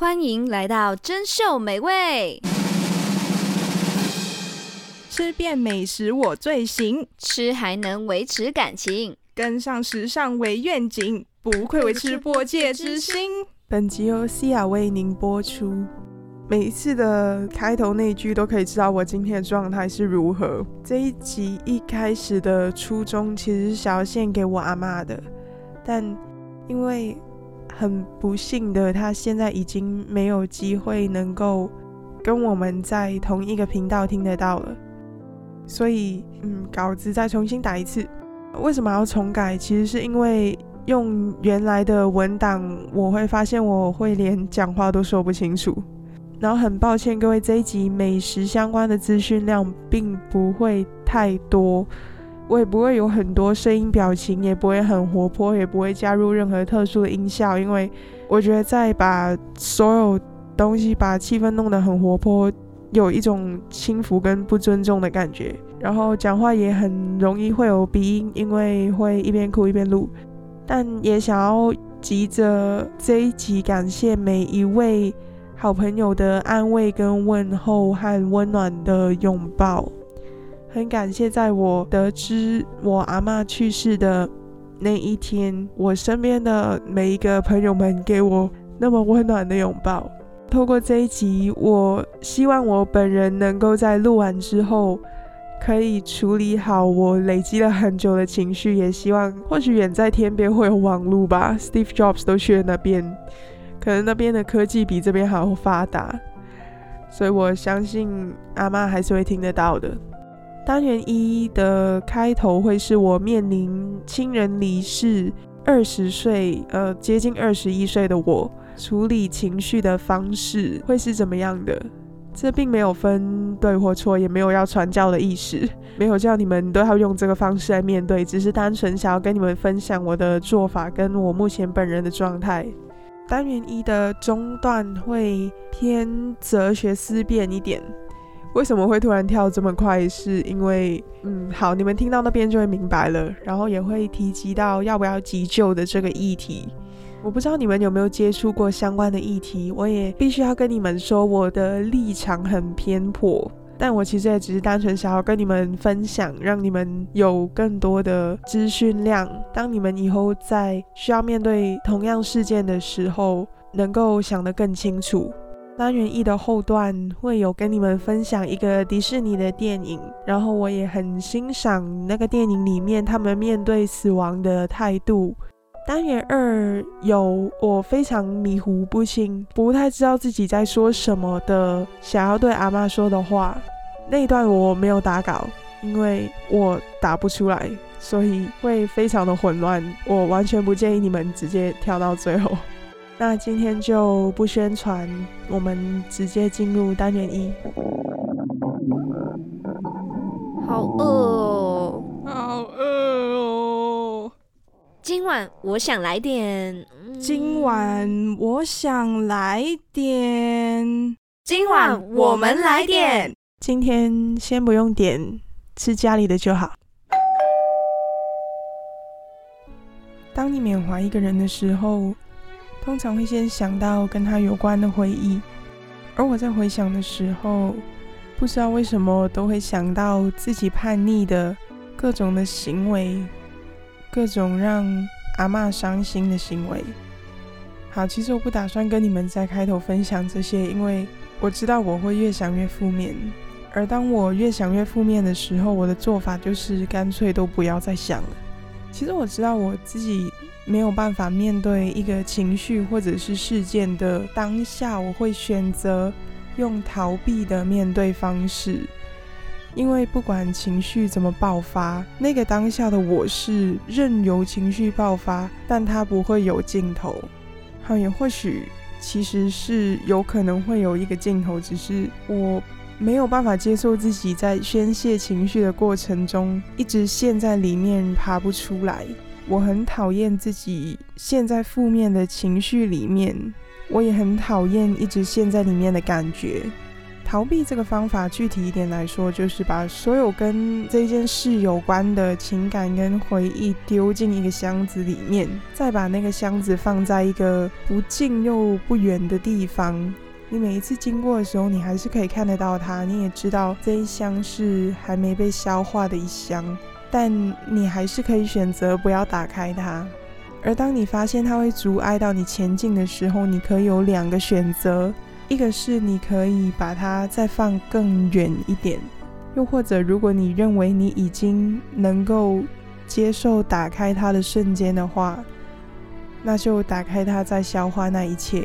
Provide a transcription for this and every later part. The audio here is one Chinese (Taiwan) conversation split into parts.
歡迎來到珍饈美味，吃遍美食我最行，吃還能維持感情，跟上時尚為願景，不愧為吃播界之星。本集由西雅為您播出。每一次的開頭那一句都可以知道我今天的狀態是如何。這一集一開始的初衷其實是想要獻給我阿嬤的，但因為。很不幸的，他現在已經沒有機會能夠跟我們在同一個頻道聽得到了。所以，嗯，稿子再重新打一次。為什麼要重改？其實是因為用原來的文檔，我會發現我會連講話都說不清楚。然後很抱歉，各位，這一集美食相關的資訊量並不會太多。我也不會有很多聲音表情，也不會很活潑，也不會加入任何特殊的音效，因為我覺得在把所有東西把氣氛弄得很活潑，有一種輕浮跟不尊重的感覺。然後講話也很容易會有鼻音，因為會一邊哭一邊錄。但也想要藉著這一集感謝每一位好朋友的安慰跟問候和溫暖的擁抱。很感謝，在我得知我阿嬤去世的那一天，我身邊的每一個朋友們給我那麼溫暖的擁抱。透過這一集，我希望我本人能夠在錄完之後，可以處理好我累積了很久的情緒。也希望，或許遠在天邊會有網路吧，Steve Jobs 都去了那邊，可能那邊的科技比這邊還要發達，所以我相信阿嬤還是會聽得到的。單元一的開頭會是我面臨親人離世，二十歲，呃，接近二十一歲的我處理情緒的方式會是怎麼樣的？這並沒有分對或錯，也沒有要傳教的意思，沒有叫你們都要用這個方式來面對，只是單純想要跟你們分享我的做法跟我目前本人的狀態。單元一的中段會偏哲學思辨一點。為什麼會突然跳這麼快？是因為，嗯，好，你們聽到那邊就會明白了，然後也會提及到要不要急救的這個議題。我不知道你們有沒有接觸過相關的議題，我也必須要跟你們說，我的立場很偏頗，但我其實也只是單純想要跟你們分享，讓你們有更多的資訊量，當你們以後在需要面對同樣事件的時候，能夠想得更清楚。單元一的後段會有跟你們分享一個迪士尼的電影，然後我也很欣賞那個電影裡面他們面對死亡的態度。單元二有我非常迷糊不清，不太知道自己在說什麼的，想要對阿嬤說的話，那一段我沒有打稿，因為我打不出來，所以會非常的混亂。我完全不建議你們直接跳到最後。那今天就不宣傳，我們直接進入單元一。好餓哦，好餓哦！好餓哦。今晚我想來點。嗯、今晚我想來點。今晚我們來點。今天先不用點，吃家裡的就好。當你緬懷一個人的時候，通常會先想到跟他有關的回憶，而我在回想的時候，不知道為什麼我都會想到自己叛逆的各種的行為，各種讓阿嬤傷心的行為。好，其實我不打算跟你們在開頭分享這些，因為我知道我會越想越負面。而當我越想越負面的時候，我的做法就是乾脆都不要再想了。其實我知道我自己。沒有辦法面對一個情緒或者是事件的當下，我會選擇用逃避的面對方式，因為不管情緒怎麼爆發，那個當下的我是任由情緒爆發，但它不會有盡頭。好，也或許其實是有可能會有一個盡頭，只是我沒有辦法接受自己在宣洩情緒的過程中一直陷在裡面，爬不出來。我很討厭自己陷在負面的情緒裡面，我也很討厭一直陷在裡面的感覺。逃避這個方法，具體一點來說，就是把所有跟這件事有關的情感跟回憶丟進一個箱子裡面，再把那個箱子放在一個不近又不遠的地方。你每一次經過的時候，你還是可以看得到它，你也知道這一箱是還沒被消化的一箱。但你還是可以選擇不要打開它，而當你發現它會阻礙到你前進的時候，你可以有兩個選擇：一個是你可以把它再放更遠一點，又或者如果你認為你已經能夠接受打開它的瞬間的話，那就打開它再消化那一切。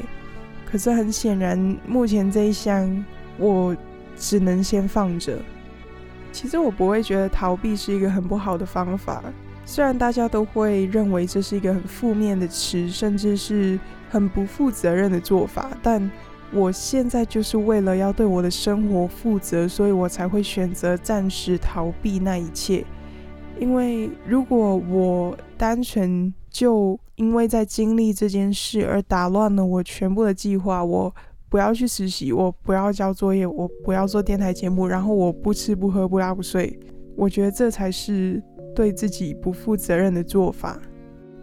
可是很顯然，目前這一箱我只能先放着。其實我不會覺得逃避是一個很不好的方法，雖然大家都會認為這是一個很負面的詞，甚至是很不負責任的做法，但我現在就是為了要對我的生活負責，所以我才會選擇暫時逃避那一切。因為如果我單純就因為在經歷這件事而打亂了我全部的計劃，我……不要去實習，我不要交作業，我不要做電台節目，然後我不吃不喝不拉不睡，我覺得這才是對自己不負責任的做法。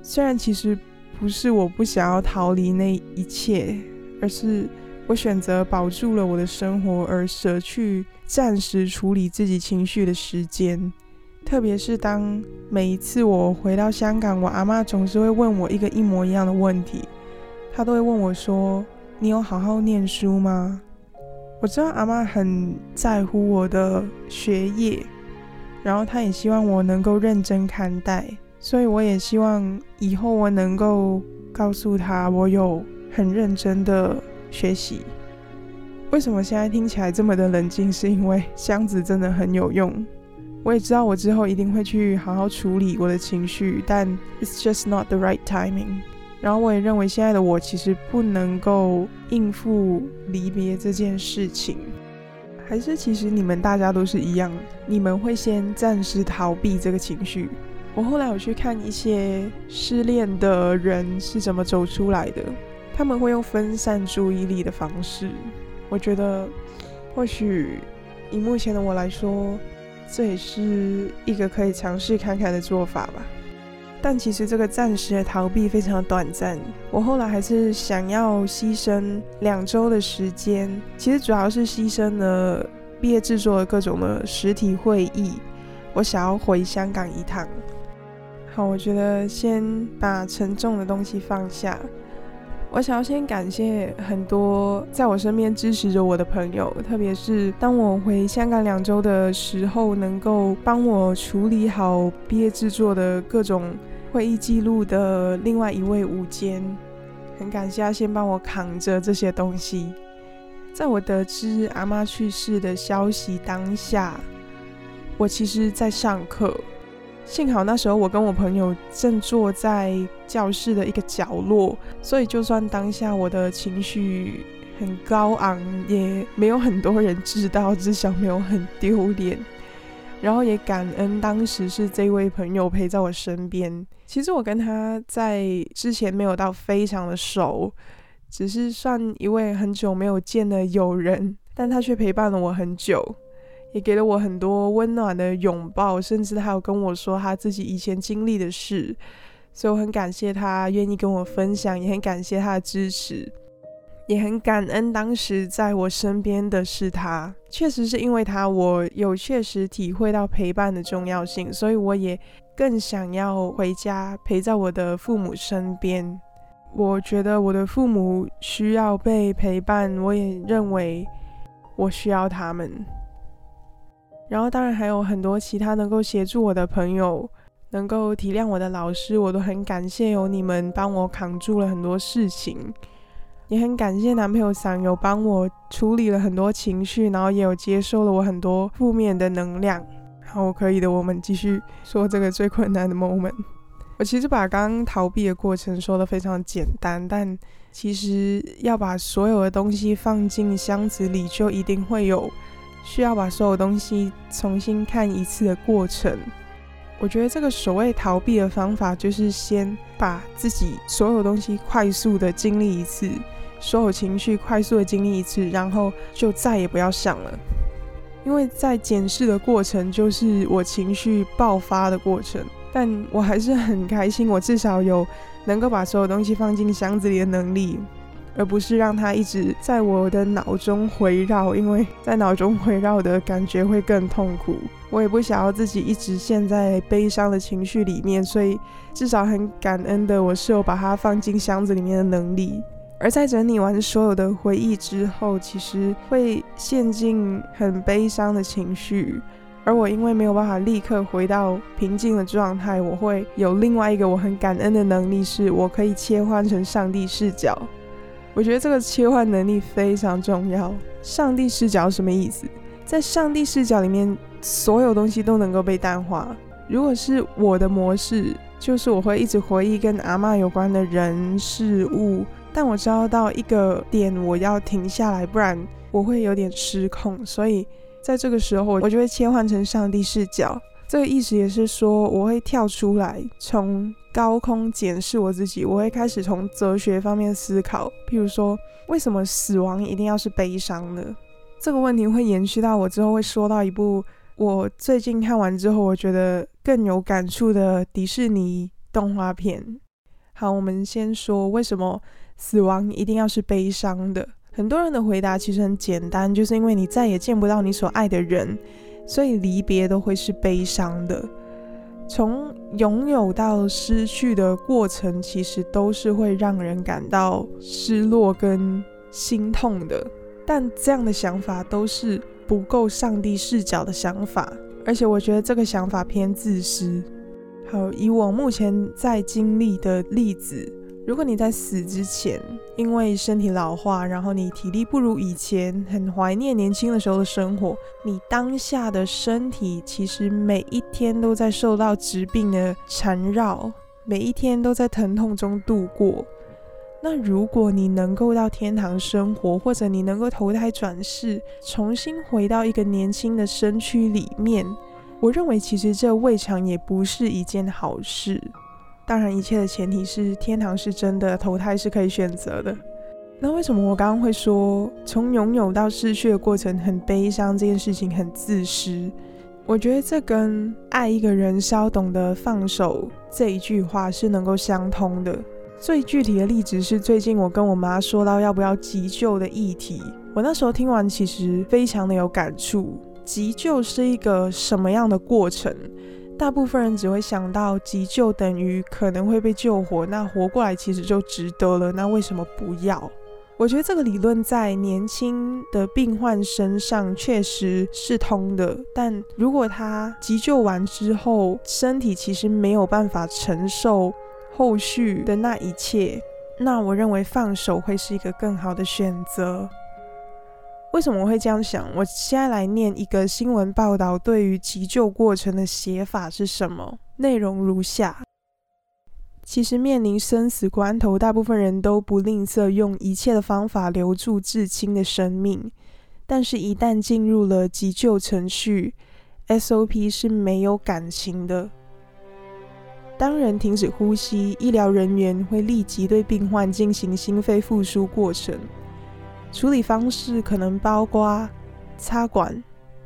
雖然其實不是我不想要逃離那一切，而是我選擇保住了我的生活，而捨去暫時處理自己情緒的時間。特別是當每一次我回到香港，我阿嬤總是會問我一個一模一樣的問題，她都會問我說。你有好好念書嗎？我知道阿嬤很在乎我的學業，然後她也希望我能夠認真看待，所以我也希望以後我能夠告訴她我有很認真的學習。為什麼現在聽起來這麼的冷靜？是因為箱子真的很有用。我也知道我之後一定會去好好處理我的情緒，但 it's just not the right timing。然後我也認為，現在的我其實不能夠應付離別這件事情，還是其實你們大家都是一樣，你們會先暫時逃避這個情緒？我後來有去看一些失戀的人是怎麼走出來的，他們會用分散注意力的方式。我覺得，或許以目前的我來說，這也是一個可以嘗試看看的做法吧。但其實這個暫時的逃避非常的短暫，我後來還是想要犧牲兩週的時間，其實主要是犧牲了畢業制作的各種的實體會議，我想要回香港一趟。好，我覺得先把沉重的東西放下，我想要先感謝很多在我身邊支持着我的朋友，特別是當我回香港兩週的時候，能夠幫我處理好畢業制作的各種。會議記錄的另外一位舞監，很感謝他先幫我扛着這些東西。在我得知阿嬤去世的消息當下，我其實在上課，幸好那時候我跟我朋友正坐在教室的一個角落，所以就算當下我的情緒很高昂，也沒有很多人知道，至少沒有很丟臉。然後也感恩當時是這位朋友陪在我身邊。其實我跟他在之前沒有到非常的熟，只是算一位很久沒有見的友人，但他卻陪伴了我很久，也給了我很多溫暖的擁抱，甚至還有跟我說他自己以前經歷的事，所以我很感謝他願意跟我分享，也很感謝他的支持，也很感恩當時在我身邊的是他，確實是因為他，我有確實體會到陪伴的重要性，所以我也。更想要回家陪在我的父母身邊。我覺得我的父母需要被陪伴，我也認為我需要他們。然後當然還有很多其他能夠協助我的朋友，能夠體諒我的老師，我都很感謝有你們幫我扛住了很多事情，也很感謝男朋友想有幫我處理了很多情緒，然後也有接收了我很多負面的能量。好，然後可以的。我們繼續說這個最困難的 moment。我其實把剛剛逃避的過程說得非常簡單，但其實要把所有的東西放進箱子裡，就一定會有需要把所有的東西重新看一次的過程。我覺得這個所謂逃避的方法，就是先把自己所有東西快速的經歷一次，所有情緒快速的經歷一次，然後就再也不要想了。因為在檢視的過程，就是我情緒爆發的過程，但我還是很開心，我至少有能夠把所有東西放進箱子裡的能力，而不是讓它一直在我的腦中回繞，因為在腦中回繞的感覺會更痛苦。我也不想要自己一直陷在悲傷的情緒裡面，所以至少很感恩的，我是有把它放進箱子裡面的能力。而在整理完所有的回憶之後，其實會陷進很悲傷的情緒。而我因為沒有辦法立刻回到平靜的狀態，我會有另外一個我很感恩的能力，是我可以切換成上帝視角。我覺得這個切換能力非常重要。上帝視角什麼意思？在上帝視角裡面，所有東西都能夠被淡化。如果是我的模式，就是我會一直回憶跟阿嬤有關的人事物。但我知道到一個點，我要停下來，不然我會有點失控。所以在這個時候，我就會切換成上帝視角。這個意思也是說，我會跳出來，從高空檢視我自己。我會開始從哲學方面思考，譬如說，為什麼死亡一定要是悲傷呢？這個問題會延續到我之後會說到一部我最近看完之後，我覺得更有感觸的迪士尼動畫片。好，我們先說為什麼。死亡一定要是悲傷的。很多人的回答其實很簡單，就是因為你再也見不到你所愛的人，所以離別都會是悲傷的。從擁有到失去的過程，其實都是會讓人感到失落跟心痛的。但這樣的想法都是不夠上帝視角的想法，而且我覺得這個想法偏自私。好，以我目前在經歷的例子，如果你在死之前，因為身體老化，然後你體力不如以前，很懷念年輕的時候的生活，你當下的身體其實每一天都在受到疾病的纏繞，每一天都在疼痛中度過。那如果你能夠到天堂生活，或者你能夠投胎轉世，重新回到一個年輕的身軀裡面，我認為其實這未嘗也不是一件好事。當然，一切的前提是天堂是真的，投胎是可以選擇的。那為什麼我剛剛會說從擁有到失去的過程很悲傷，這件事情很自私？我覺得這跟愛一個人，要懂得放手這一句話是能夠相通的。最具體的例子是，最近我跟我媽說到要不要急救的議題，我那時候聽完其實非常的有感觸。急救是一個什麼樣的過程？大部分人只會想到急救等於可能會被救活，那活過來其實就值得了。那為什麼不要？我覺得這個理論在年輕的病患身上確實是通的。但如果他急救完之後，身體其實沒有辦法承受後續的那一切，那我認為放手會是一個更好的選擇。為什麼我會這樣想？我現在來唸一個新聞報道，對於急救過程的寫法是什麼？內容如下：其實面臨生死關頭，大部分人都不吝嗇用一切的方法留住至親的生命。但是，一旦進入了急救程序，SOP 是沒有感情的。當人停止呼吸，醫療人員會立即對病患進行心肺復甦過程。處理方式可能包括插管、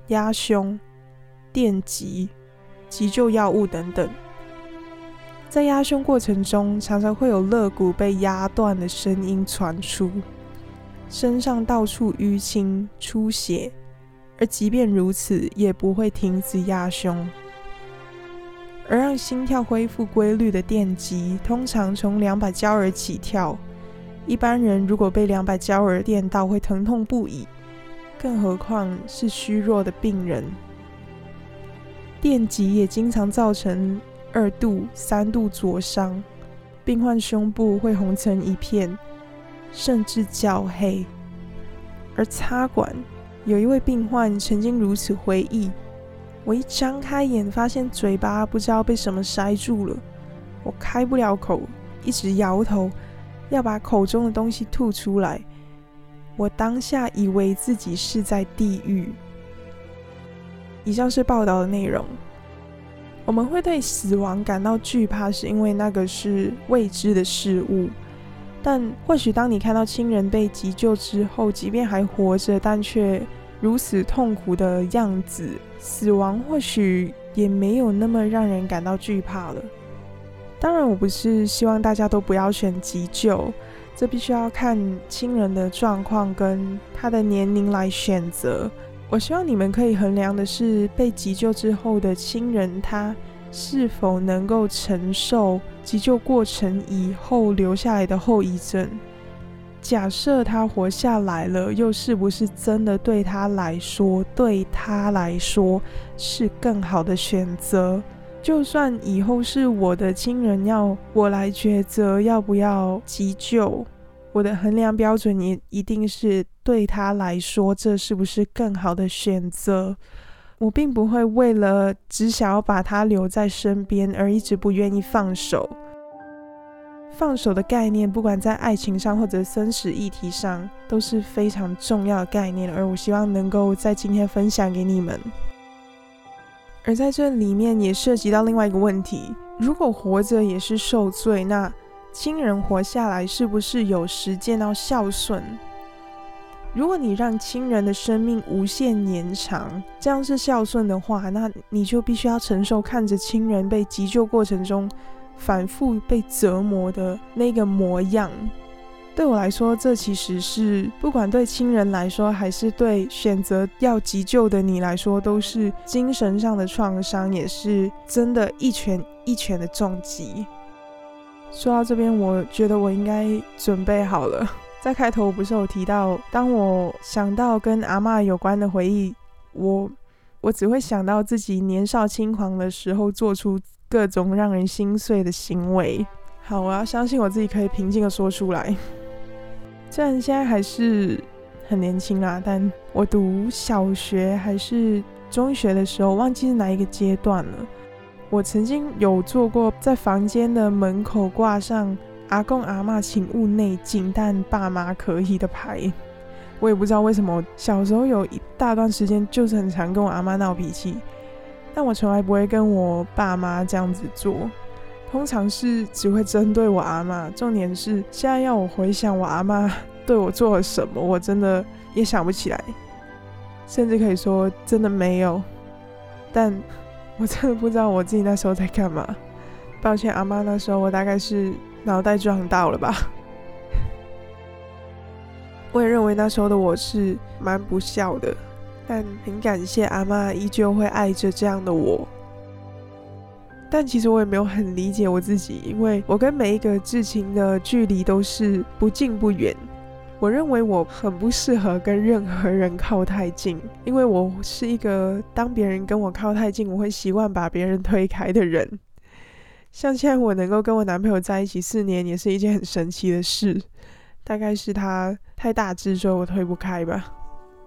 壓胸、電擊、急救藥物等等。在壓胸過程中，常常會有肋骨被壓斷的聲音傳出，身上到處淤青、出血，而即便如此，也不會停止壓胸。而讓心跳恢復規律的電擊，通常從兩百焦耳起跳。一般人如果被兩百焦耳電到，會疼痛不已,更何況是虛弱的病人。電極也經常造成二度、三度灼傷，病患胸部會紅成一片，甚至焦黑。而插管，有一位病患曾經如此回憶：“我一張開眼，發現嘴巴不知道被什麼塞住了，我開不了口，一直搖頭。”要把口中的東西吐出來，我當下以為自己是在地獄。以上是報導的內容。我們會對死亡感到懼怕，是因為那個是未知的事物。但或許當你看到親人被急救之後，即便還活着，但卻如此痛苦的樣子，死亡或許也沒有那麼讓人感到懼怕了。當然，我不是希望大家都不要選急救，這必須要看親人的狀況跟他的年齡來選擇。我希望你們可以衡量的是，被急救之後的親人，他是否能夠承受急救過程以後留下來的後遺症？假設他活下來了，又是不是真的對他來說，對他來說是更好的選擇？就算以後是我的親人要我來抉擇要不要急救，我的衡量標準也一定是對他來說這是不是更好的選擇。我並不會為了只想要把他留在身邊而一直不願意放手。放手的概念，不管在愛情上或者生死議題上都是非常重要的概念，而我希望能夠在今天分享給你們。而在這裡面也涉及到另外一個問題：如果活着也是受罪，那親人活下來是不是有實踐到孝順？如果你讓親人的生命無限延長，這樣是孝順的話，那你就必須要承受看着親人被急救過程中反復被折磨的那個模樣。對我來說，這其實是不管對親人來說，還是對選擇要急救的你來說，都是精神上的創傷，也是真的一拳一拳的重擊。說到這邊，我覺得我應該準備好了。在開頭我不是有提到，當我想到跟阿嬤有關的回憶，我我只會想到自己年少輕狂的時候做出各種讓人心碎的行為。好，我要相信我自己可以平靜地說出來。雖然現在還是很年輕啊，但我讀小學還是中學的時候，忘記是哪一個階段了。我曾經有做過在房間的門口掛上“阿公阿嬤，請勿內進，但爸媽可以”的牌。我也不知道為什麼，小時候有一大段時間就是很常跟我阿嬤鬧脾氣，但我從來不會跟我爸媽這樣子做。通常是只會針對我阿嬤，重點是現在要我回想我阿嬤。對我做了什麼，我真的也想不起來，甚至可以說真的沒有。但我真的不知道我自己那時候在幹嘛。抱歉，阿媽，那時候我大概是腦袋撞到了吧。我也認為那時候的我是蠻不孝的，但很感謝阿媽依舊會愛着這樣的我。但其實我也沒有很理解我自己，因為我跟每一個至親的距離都是不近不遠。我認為我很不適合跟任何人靠太近，因為我是一個當別人跟我靠太近，我會習慣把別人推開的人。像現在我能夠跟我男朋友在一起四年，也是一件很神奇的事。大概是他太大隻，所以我推不開吧。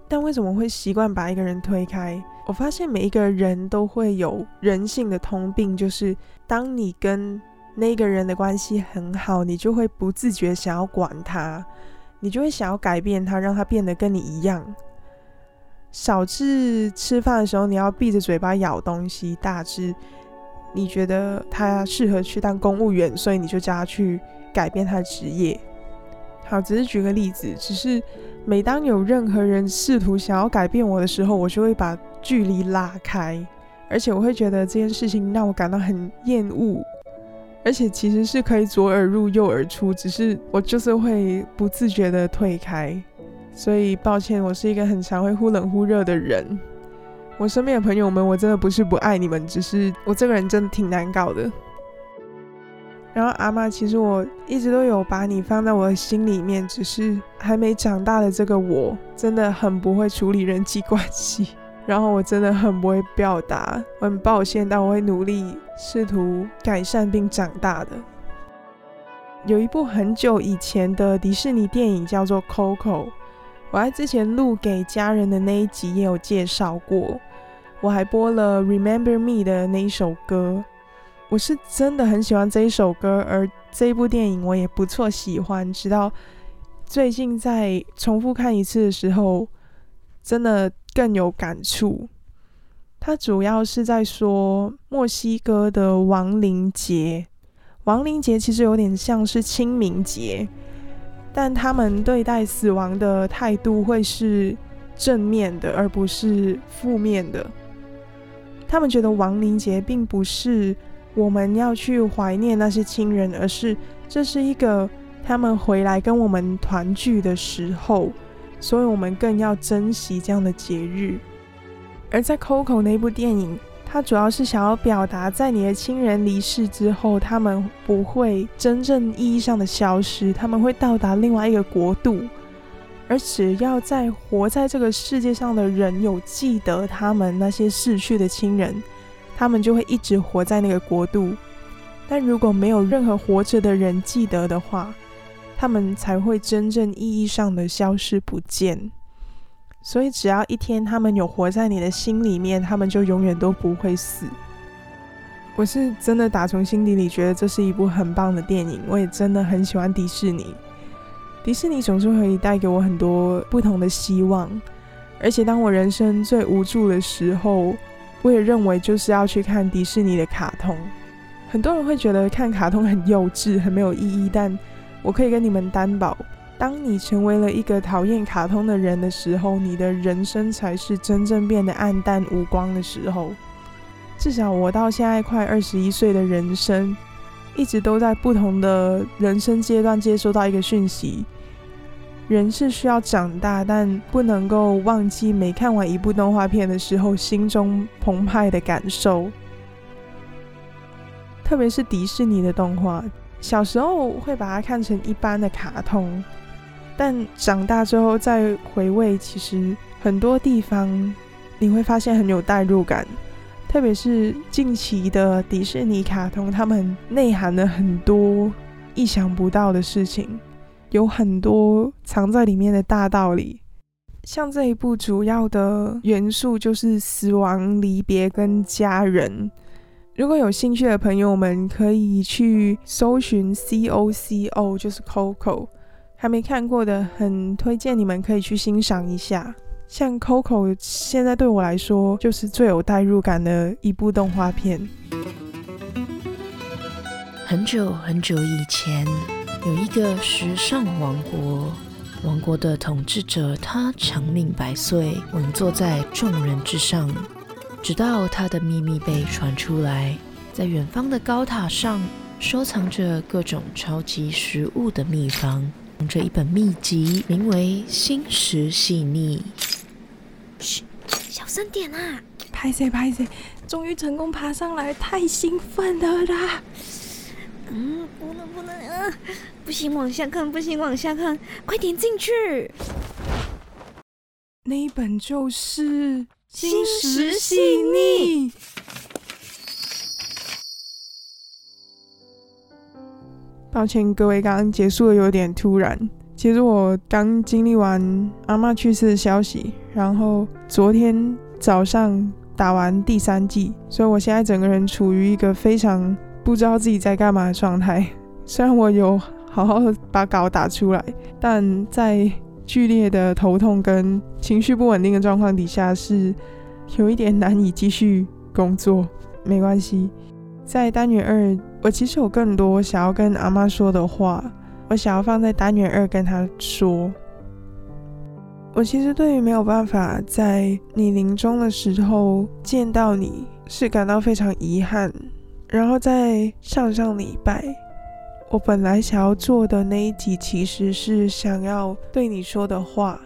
但為什麼會習慣把一個人推開？我發現每一個人都會有人性的通病，就是當你跟那個人的關係很好，你就會不自覺想要管他。你就會想要改變他，讓他變得跟你一樣。小至吃飯的時候，你要閉着嘴巴咬東西；大至，你覺得他適合去當公務員，所以你就叫他去改變他的職業。好，只是舉個例子，只是每當有任何人試圖想要改變我的時候，我就會把距離拉開，而且我會覺得這件事情讓我感到很厭惡。而且其實是可以左耳入右耳出，只是我就是會不自覺的退開，所以抱歉，我是一個很常會忽冷忽熱的人。我身邊的朋友們，我真的不是不愛你們，只是我這個人真的挺難搞的。然後阿嬤，其實我一直都有把你放在我的心裡面，只是還沒長大的這個我，真的很不會處理人際關係。然後我真的很不會表達，我很抱歉，但我會努力，試圖改善並長大的。有一部很久以前的迪士尼電影叫做《Coco》，我在之前錄給家人的那一集也有介紹過。我還播了《Remember Me》的那一首歌，我是真的很喜歡這一首歌，而這部電影我也不錯喜歡。直到最近在重複看一次的時候。真的更有感觸。他主要是在說墨西哥的亡靈節。亡靈節其實有點像是清明節，但他們對待死亡的態度會是正面的，而不是負面的。他們覺得亡靈節並不是我們要去懷念那些親人，而是這是一個他們回來跟我們團聚的時候。所以我們更要珍惜這樣的節日。而在 Coco 那部電影，它主要是想要表達，在你的親人離世之後，他們不會真正意義上的消失，他們會到達另外一個國度。而只要在活在這個世界上的人有記得他們那些逝去的親人，他們就會一直活在那個國度。但如果沒有任何活着的人記得的話，他們才會真正意義上的消失不見，所以只要一天他們有活在你的心裡面，他們就永遠都不會死。我是真的打從心底裡覺得這是一部很棒的電影，我也真的很喜歡迪士尼。迪士尼總是可以帶給我很多不同的希望，而且當我人生最無助的時候，我也認為就是要去看迪士尼的卡通。很多人會覺得看卡通很幼稚、很沒有意義，但，我可以跟你們擔保，當你成為了一個討厭卡通的人的時候，你的人生才是真正變得黯淡無光的時候。至少我到現在快二十一歲的人生，一直都在不同的人生階段接收到一個訊息：人是需要長大，但不能夠忘記每看完一部動畫片的時候心中澎湃的感受，特別是迪士尼的動畫。小時候會把它看成一般的卡通，但長大之後再回味，其實很多地方你會發現很有代入感。特別是近期的迪士尼卡通，他們內含了很多意想不到的事情，有很多藏在裡面的大道理。像這一部主要的元素就是死亡、離別跟家人。如果有興趣的朋友們，可以去搜尋 C O C O，就是 Coco CO。還沒看過的，很推薦你們可以去欣賞一下。像 Coco，CO 現在對我來說就是最有代入感的一部動畫片。很久很久以前，有一個時尚王國，王國的統治者他名，他長命百歲，穩坐在眾人之上。直到他的祕密被傳出來，在遠方的高塔上，收藏着各種超級食物的秘方，捧著一本祕籍，名為《心食細膩》。噓，小聲點啊！拍碎，拍碎！終於成功爬上來，太興奮了啦！嗯，不能，不能，啊、不行，往下看，不行，往下看，快點進去。那一本就是。心食細膩。抱歉各位，剛剛結束的有點突然。其實我剛經歷完阿嬤去世的消息，然後昨天早上打完第三季，所以我現在整個人處於一個非常不知道自己在幹嘛的狀態。雖然我有好好的把稿打出來，但在。劇烈的頭痛跟情緒不穩定的狀況底下，是有一點難以繼續工作。沒關係，在單元二，我其實有更多想要跟阿嬤說的話，我想要放在單元二跟她說。我其實對於沒有辦法在你臨終的時候見到你，是感到非常遺憾。然後在上上禮拜。我本來想要做的那一集，其實是想要對你說的話。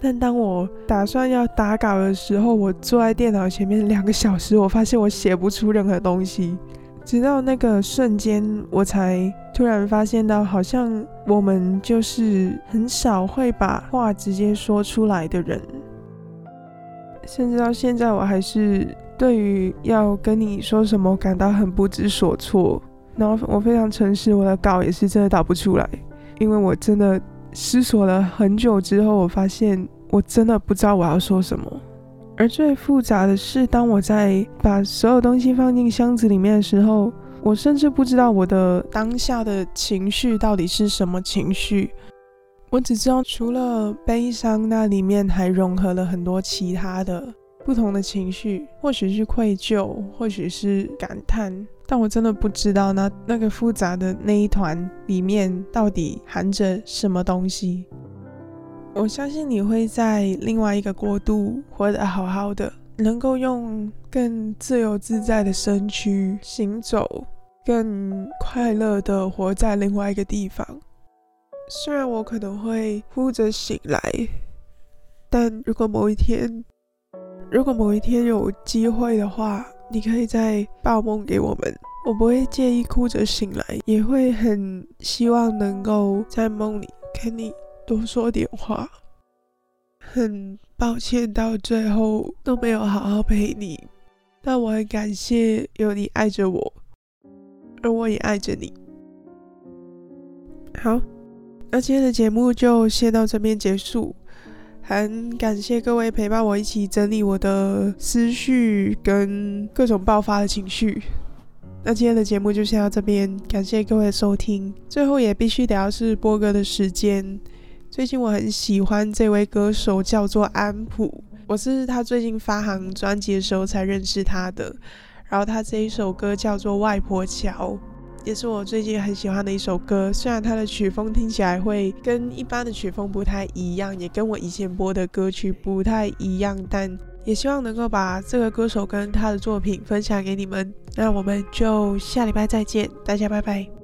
但當我打算要打稿的時候，我坐在電腦前面兩個小時，我發現我寫不出任何東西。直到那個瞬間，我才突然發現到，好像我們就是很少會把話直接說出來的人。甚至到現在，我還是對於要跟你說什麼感到很不知所措。然後我非常誠實，我的稿也是真的打不出來，因為我真的思索了很久之後，我發現我真的不知道我要說什麼。而最複雜的是，當我在把所有東西放進箱子裡面的時候，我甚至不知道我的當下的情緒到底是什麼情緒。我只知道，除了悲傷，那裡面還融合了很多其他的。不同的情緒，或許是愧疚，或許是感嘆，但我真的不知道那那個複雜的那一團裡面到底含着什麼東西。我相信你會在另外一個國度活得好好的，能夠用更自由自在的身軀行走，更快樂地活在另外一個地方。雖然我可能會哭着醒來，但如果某一天。如果某一天有機會的話，你可以再報夢給我們，我不會介意哭着醒來，也會很希望能夠在夢裡跟你多說點話。很抱歉到最後都沒有好好陪你，但我很感謝有你愛着我，而我也愛着你。好，那今天的節目就先到這邊結束。很感謝各位陪伴我一起整理我的思緒跟各種爆發的情緒，那今天的節目就先到這邊，感謝各位的收聽。最後也必須得要是播歌的時間，最近我很喜歡這位歌手叫做安普，我是他最近發行專輯的時候才認識他的，然後他這一首歌叫做《外婆橋》。也是我最近很喜歡的一首歌，雖然它的曲風聽起來會跟一般的曲風不太一樣，也跟我以前播的歌曲不太一樣，但也希望能夠把這個歌手跟他的作品分享給你們。那我們就下禮拜再見，大家拜拜。